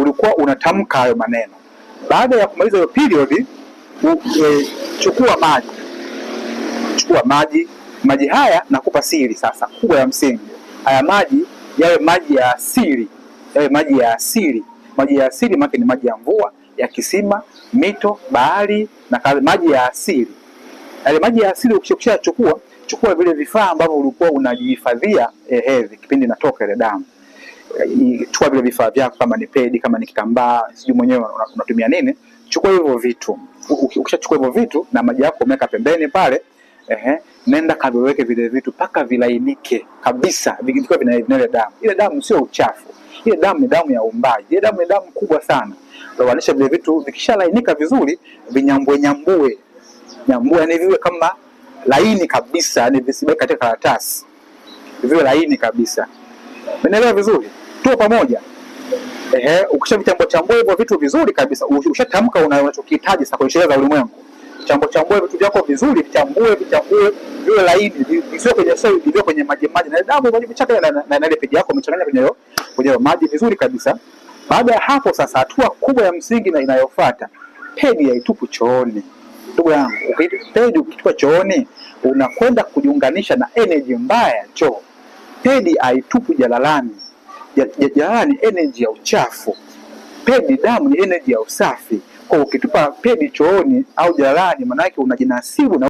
ulikuwa unatamka hayo maneno. Baada ya kumaliza hiyo period e, chukua maji, chukua maji. Maji haya nakupa siri sasa kubwa ya msingi, haya maji yawe maji ya asili, yawe maji ya asili. Maji ya asili maana ni maji ya mvua ya kisima, mito, bahari na maji ya asili. Yale maji ya asili ukishachukua, chukua vile vifaa ambavyo ulikuwa unajihifadhia eh, hedhi kipindi natoka ile damu chukua vile vifaa vyako, kama ni pedi, kama ni kitambaa, sijui mwenyewe unatumia nini, chukua hivyo vitu. Ukishachukua hivyo vitu na maji yako umeweka pembeni pale, ehe, nenda kaviweke vile vitu mpaka vilainike kabisa, vikiwa vina ile damu. Ile damu sio uchafu, ile damu ni damu ya umbaji, ile damu ni damu kubwa sana. Lowanisha vile vitu, vikishalainika vizuri, vinyambue nyambue nyambue, yani viwe kama laini kabisa, yani visibaki katika karatasi, viwe laini kabisa. Umeelewa vizuri? tuwe pamoja. Ehe, ukishavichambua chambua hivyo vitu vizuri kabisa, ushatamka unachokihitaji sasa kwenye sheria za ulimwengu. Chambua chambua vitu vyako vizuri, vichambue vichambue, viwe laini, visiwe kwenye soil, viwe kwenye maji maji na damu kwenye vichaka na na ile peji yako umechanganya kwenye kwenye maji vizuri kabisa. Baada ya hapo sasa, hatua kubwa ya msingi na inayofuata, pedi ya itupu chooni. Ndugu yangu, pedi ukitupa chooni unakwenda kujiunganisha na energy mbaya ya choo. Pedi aitupu jalalani. Jeraha ni yaani energy ya uchafu, pedi damu ni energy ya usafi. Kwa ukitupa pedi chooni au jarahani, maana yake unajinasibu na